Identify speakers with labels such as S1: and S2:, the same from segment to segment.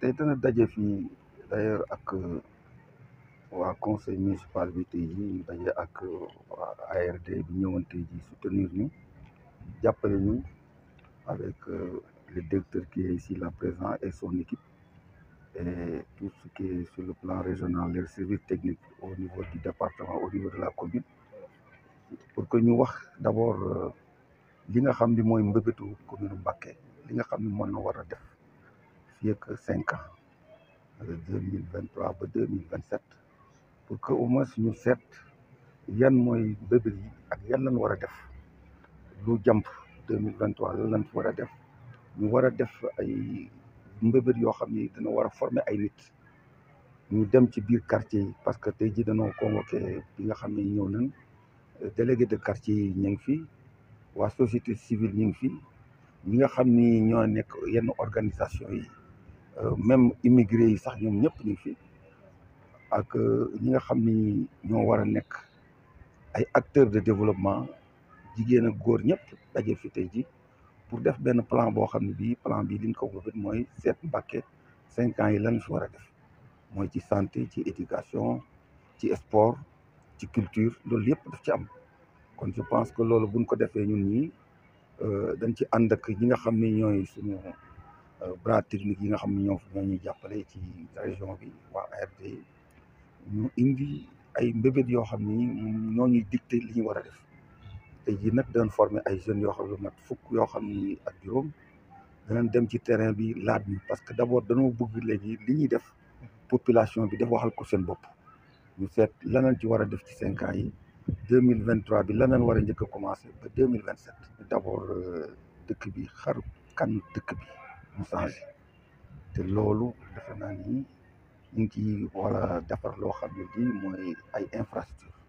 S1: te dana daje fii d'ailleurs ak euh, waa conseil municipal bi tey jii daje ak euh, waa ARD bi ñëwoon tey jii soutenir ñu jàppale ñu avec euh, le directeur qui est ici la présent et son équipe et tout ce qui est sur le plan régional les service techniques au niveau du département au niveau de la commune pour que ñu wax d'abord li nga xam ni mooy mbëbëtu commune Mbacké li nga xam ni mën na war a def fii ak cinq ans deux mille vingt trois ba deux mille vingt sept pour que au moins ñu seet yan mooy bébir yi ak yan lañ war a def lu jàmp deux mille vingt trois lan lañ war a def ñu war a def ay mbébir yoo xam ni dina war a former ay nit ñu dem ci biir quartier yi parce que tey jii dañoo convoqué bi nga xam ne ñëw nañ délégué de quartier yi ñu ngi fi waa société civile ñu ngi fi ñi nga xam ni ñoo nekk yenn organisation yi Euh, même immigré yi sax ñoom ñëpp ñu fi ak euh, ñi nga xam ni ñoo war a nekk ay acteur de développement jigéen ak góor ñëpp daje fi tey ji pour def benn plan boo xam ne bii plan bii liñ ko wëbët mooy seet Mbacké cinq ans yi lan fi war a def mooy ci santé ci éducation ci sport ci culture loolu yëpp daf ci am kon je pense que loolu buñ ko defee ñun ñii euh, dañ ci ànd ak ñi nga xam ni ñooy suñu bras technique yi nga xam ne ñoo ñoo ñuy jàppale ci région bi waa ARD ñu indi ay mbébét yoo xam ne ñoo ñuy dicté li ñu war a def tey jii nag danañ former ay jeunes yoo xam ne mat fukk yoo xam ne ak juróom danañ dem ci terrain bi laaj ñu parce que d' abord dañoo bëgg léegi li ñuy def population bi def waxal ko seen bopp ñu seet lanañ ci war a def ci cinq ans yi deux mille vingt bi lanañ war a njëkk a commencé ba deux mille vingt sept d' euh, dëkk bi xar kan dëkk bi mu te loolu defe naa ni ñu ngi ci war defar loo xam ne bii mooy ay infrastructure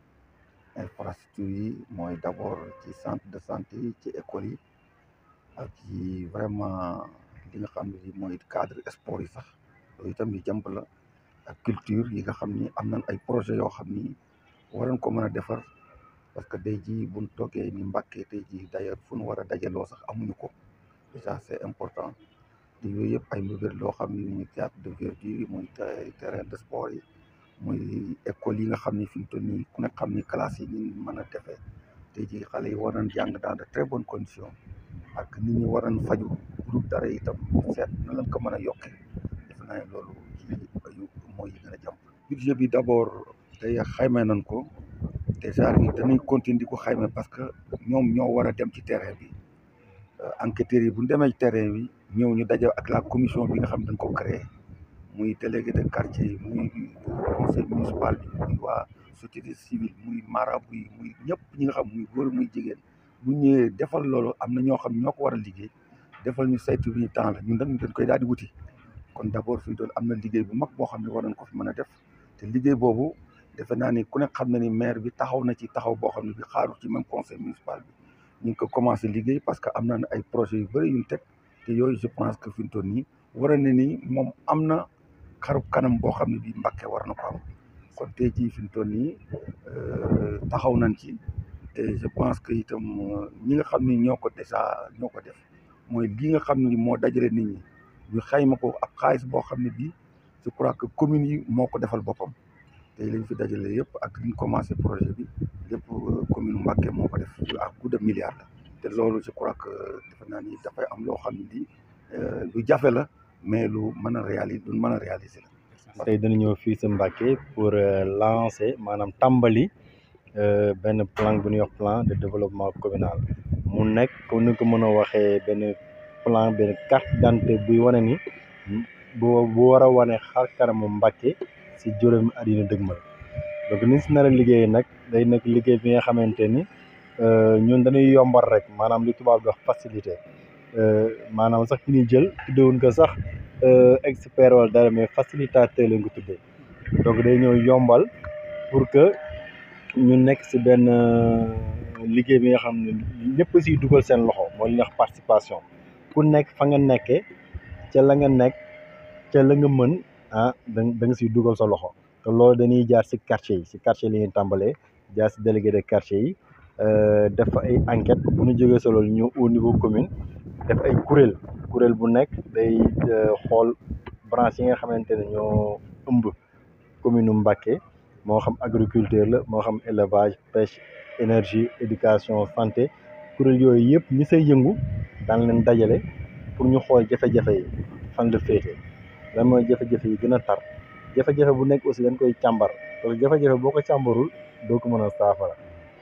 S1: infrastructure yi mooy d'abord ci centre de santé ci école yi ak ci vraiment li nga xam ne bii mooy cadre sport yi sax loolu itam ñu jàmp la ak culture yi nga xam ni am nañ ay projet yoo xam ni waroon ko mën a defar parce que day ji buñ toogee ni Mbàkke tey ji d'ailleurs fu nu war a dajaloo sax amuñu ko déjà c'est important te yooyu yëpp ay mbir loo xam ne ñu théâtre de verdure yi muy terrain de sport yi mooy école yi nga xam ne fi mu toll nii ku nekk xam ni classe yi ñu mën a defee te ji xale yi war nañ jàng dans de très bonnes conditions ak nit ñi war nañ faju groupe dara itam seet na lañ ko mën a yokkee defe naa ne loolu ci mooy yi gën a jàmp budget bi d' abord tey xayma nañ ko dèjà yi dañuy continuer di ko xayma parce que ñoom ñoo war a dem ci terrain bi euh, enquêteurs yi bu ñu demee ci terrain bi ñëw ñu daje ak la commission bi nga xam ne dañ ko créé muy délégué de quartier yi muy conseil municipal bi muy waa société civile muy marabu yi muy ñëpp ñi nga xam muy góor muy jigéen bu ñëwee defal loolu am na ñoo xam ñoo ko war a liggéey defal ñu saytu bi temps la ñu nag ñu dañ koy daal wuti kon d'abord fii doon am na liggéey bu mag boo xam ne war nañ ko fi mën a def te liggéey boobu defe naa ni ku ne xam na ni maire bi taxaw na ci taxaw boo xam ne bi xaaru ci même conseil municipal ñu ngi ko commencé liggéey parce que am na ay projets yu bëri ñu teg te yooyu je pense que fi mu ton nii war na ni moom am na xarub kanam boo xam ne bi Mbàkke war na ko am kon tey jii fi mu toll nii euh, taxaw nañ ci te je pense que itam euh, ñi nga xam ni ñoo ko déjà ñoo ko def mooy li nga xam ni moo dajale nit ñi ñu xayma ko ab xaalis boo xam ne bii je crois que communes yi moo ko defal boppam te tey lañ fi dajale yëpp ak liñ commencé projet bi lépp euh, commune Mbàkke moo ko def a coup de milliard la te loolu si crois que defe naa ni dafay am loo xam ni euh, lu jafe la
S2: mais lu mën a réaliser lu mën a réaliser la. tey dana ñëw fii sa Mbacké pour euh, lancer maanaam tàmbali euh, benn plan bu ñuy wax plan de développement communal mu nekk comme ni ko mën a waxee benn plan benn carte d'identité buy wane ni bu bu war a wane xar kanamu Mbacké si juróomi at yi ñu dëgmal donc ni si nar liggéey nag day nekk liggéey bi nga xamante ni. Euh, ñun dañuy yombal rek maanaam li tubaab dox wax facilité euh, maanaam sax ki ñuy jël tuddewuñ ko sax euh, expert wala dara mais facilitateur lañ ko tuddee donc day ñëw yombal pour que ñu nekk si benn liggéey bi nga xam ne ñëpp siy dugal seen loxo mooy li participation ku nekk fa nga nekkee ca la nga nekk ca la nga mën ah da da siy dugal sa loxo te loolu dañuy jaar si quartier yi si quartier li ñuy tàmbalee jaar si délégué de quartier yi Euh, def fa ay enquête bu ñu jógee solo loolu ñëw au niveau commune def ay kuréel kuréel bu nekk day euh, xool branche yi nga xamante ne ñoo ëmb commune Mbacké moo xam agriculture la moo xam élevage pêche énergie éducation santé kuréel yooyu yëpp ñi say yëngu dan leen dajale pour ñu xool jafe-jafe yi fan la féete lan mooy jafe-jafe yi gën a tar jafe-jafe bu nekk aussi dañ koy càmbar parce que jafe-jafe boo ko càmbarul doo ko mën a saafara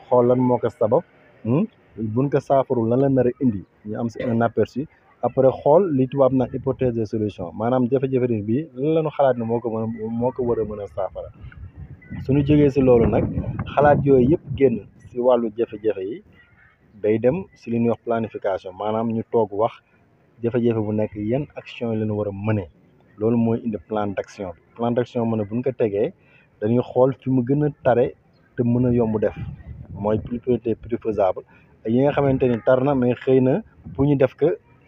S2: xool lan moo ko sabab hmm? buñ ko saafaru lan la nar indi ñu am si un aperçu après xool li tubaab nag hypothèse solution maanaam jafe-jafe bi lan la xalaat ne moo ko mën a moo ko war a mën a saafara suñu jógee si loolu nag xalaat yooyu yëpp génn si wàllu jafe-jafe yi day dem si li ñuy wax planification maanaam ñu toog wax jafe-jafe bu nekk yan action yi la ñu war a mënee loolu mooy indi plan d'action plan d'action mën bu ñu ko tegee dañuy xool fi mu gën a tare te mën a yomb def mooy priorité préfaisable ak yi nga xamante ni tar na mais xëy na pour ñu def ko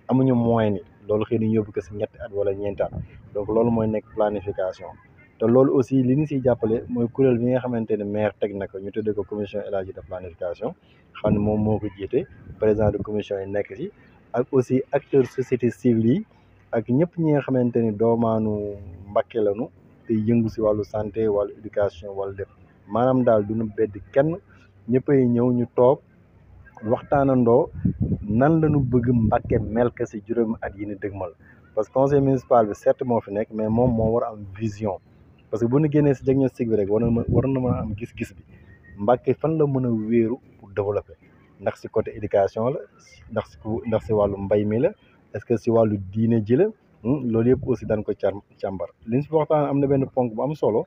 S2: amuñu moyen loolu xëy na ñu yóbbu ko si ñetti at wala ñeenti at loolu mooy nekk planification te loolu aussi li ñu siy jàppale mooy kuréel bi nga xamante ne maire teg na ko ñu tuddee ko commission élargie de planification xam ne moom moo ko jiite président de commission yi nekk si ak aussi acteur société civile yi ak ñëpp ñi nga xamante ni doomaanu Mbacké lañu te yëngu si wàllu santé wàllu éducation wala def maanaam daal duñu bedd kenn ñëppay ñëw ñu toog waxtaanandoo nan la ñu bëgg Mbàkke mel ka si juróomi at yi ni dëgmal parce que conseil municipal bi certes moo fi nekk mais moom moo war a am vision parce que bu ñu génnee si diagnostic bi rek war na war a am gis-gis bi Mbàkke fan la mën a wéeru pour développer ndax si côté éducation la ndax si ndax si wàllu mbay mi la est-ce que si wàllu diine ji la hmm, loolu yëpp aussi dañ ko càmbar li ñu si waxtaan am na benn ponk bu am solo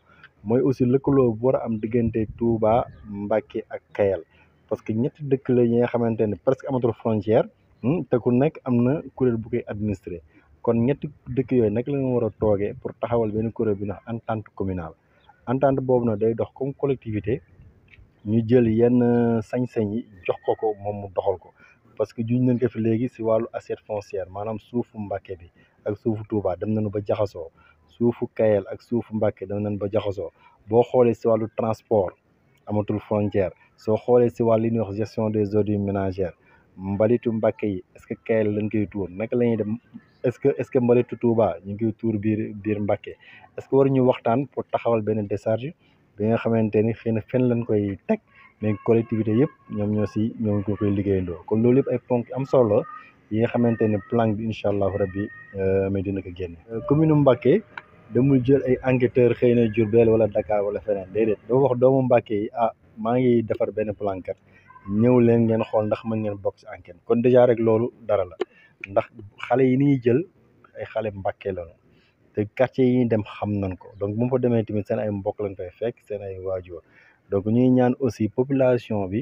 S2: mooy aussi lëkkaloo bu war a am diggante Touba Mbacké ak Kayal parce que ñetti dëkk la ñi nga xamante ne presque amatul frontière hmm, te ku nekk am na kuréel bu koy administré kon ñetti dëkk yooyu nag la ñu war a toogee pour taxawal benn kuréel bi ndax entente communal entente boobu na day dox comme collectivité ñu jël yenn sañ-sañ yi jox ko ko moom mu doxal ko parce que juñ nañ ko fi léegi si wàllu assiette foncière maanaam suufu Mbacké bi ak suufu Touba dem nañu ba jaxasoo suufu Kayel ak suufu Mbàkke dem nañ ba jaxasoo boo xoolee si wàllu transport amatul frontière soo xoolee si wàllu li ñuy wax gestion des ordures ménagères mbalitu Mbàkke yi est-ce que Kayel lañ koy tuur naka la ñuy dem est-ce que est-ce que mbalitu Touba ñu ngi koy tuur biir biir Mbàkke est que war ñu waxtaan pour taxawal benn décharge bi nga xamante ni xëy na fenn lañ koy teg mais collectivité yëpp ñoom ñoo si ñoo ngi ko koy liggéeyandoo kon loolu yëpp ay ponk am solo yi nga xamante ne plan bi incha allahu rabbi euh, mais dina ko génne. Euh, commune Mbacké damul jël ay enquêteurs xëy na Diourbel wala Dakar wala feneen déedéet dafa wax doomu Mbacké yi ah maa ngi defar benn plan kat ñëw leen ngeen xool ndax mën ngeen bokk si enquête kon dèjà rek loolu dara la ndax xale yi ni ñuy jël ay xale Mbacké lañu te quartier yi ñuy dem xam nañ ko donc bu ma demee tamit seen ay mbokk lañ koy fekk seen ay waajur. donc ñuy ñaan aussi population bi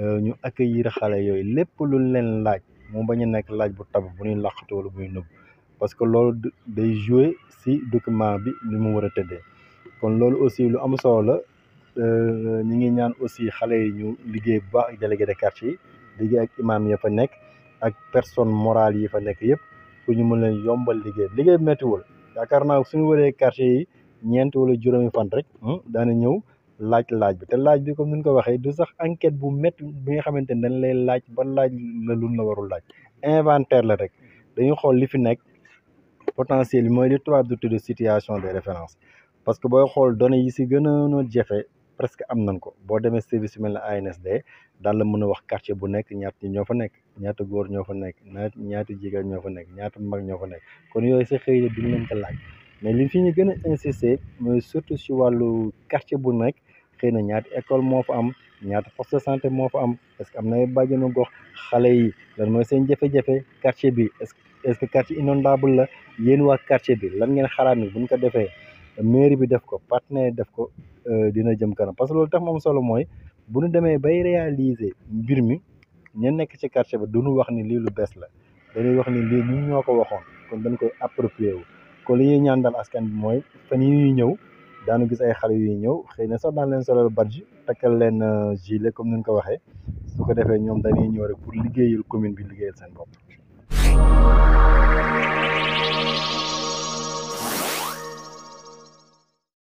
S2: euh, ñu accueillir xale yooyu lépp luñ leen laaj mu bañ a nekk laaj bu tab bu ñuy làqatu wala bu ñuy parce que loolu day jouer ci document bi ni mu war a tëddee kon loolu aussi lu am solo la euh, ñu ngi ñaan aussi xale yi ñu liggéey ba baax ak délégué de quartier yi liggéey ak imam ya fa nekk ak personne morale yi fa nekk yëpp pour ñu mën leen yombal liggéey liggéey méttiwul yaakaar naa suñu waree quartier yi ñeent wala juróomi fan rek hmm, daana ñëw laaj laaj bi te laaj bi comme ni ñu ko waxee du sax enquête bu métti bi nga xamante ne dañ lay laaj ba laaj la lu la warul laaj inventaire la rek dañu xool li fi nekk potentiel bi mooy li tubaab di tudd situation de référence parce que booy xool données yi si gën a jafe presque am nañ ko boo demee service yu mel ne ANSD daal la mën a wax quartier bu nekk ñaata ñoo fa nekk ñaata góor ñoo fa nekk ñaata jigéen ñoo fa nekk ñaata mag ñoo fa nekk kon yooyu sa xëy na duñ leen ko laaj mais li fi ñu gën a insister mooy surtout si wàllu quartier bu nekk. xëy na ñaata école moo fa am ñaata poste de santé moo fa am est-ce que am na ay bàjjenu gox xale yi lan mooy seen jafe-jafe quartier bi est-ce est-ce que quartier inondable la yéen wax quartier bi lan ngeen xalaat ni buñ ko defee mairie bi def ko partenaire def ko euh, dina jëm kanam parce que loolu tax moom solo mooy bu ñu demee bay réaliser mbir mi ña nekk ci quartier bi du duñu wax ni lii lu bees la dañuy wax ni lii ñun ñoo ko waxoon kon dañ koy approprier wu kon li ñuy ñaan daal askan bi mooy fan yi ñuy ñëw daanu gis ay xale yuy ñëw xëy na sax daan leen solal badge takkal leen euh, gilet comme ni ko waxee su ko defee ñoom dañuy ñëw rek pour liggéeyal commune bi liggéeyal seen bopp.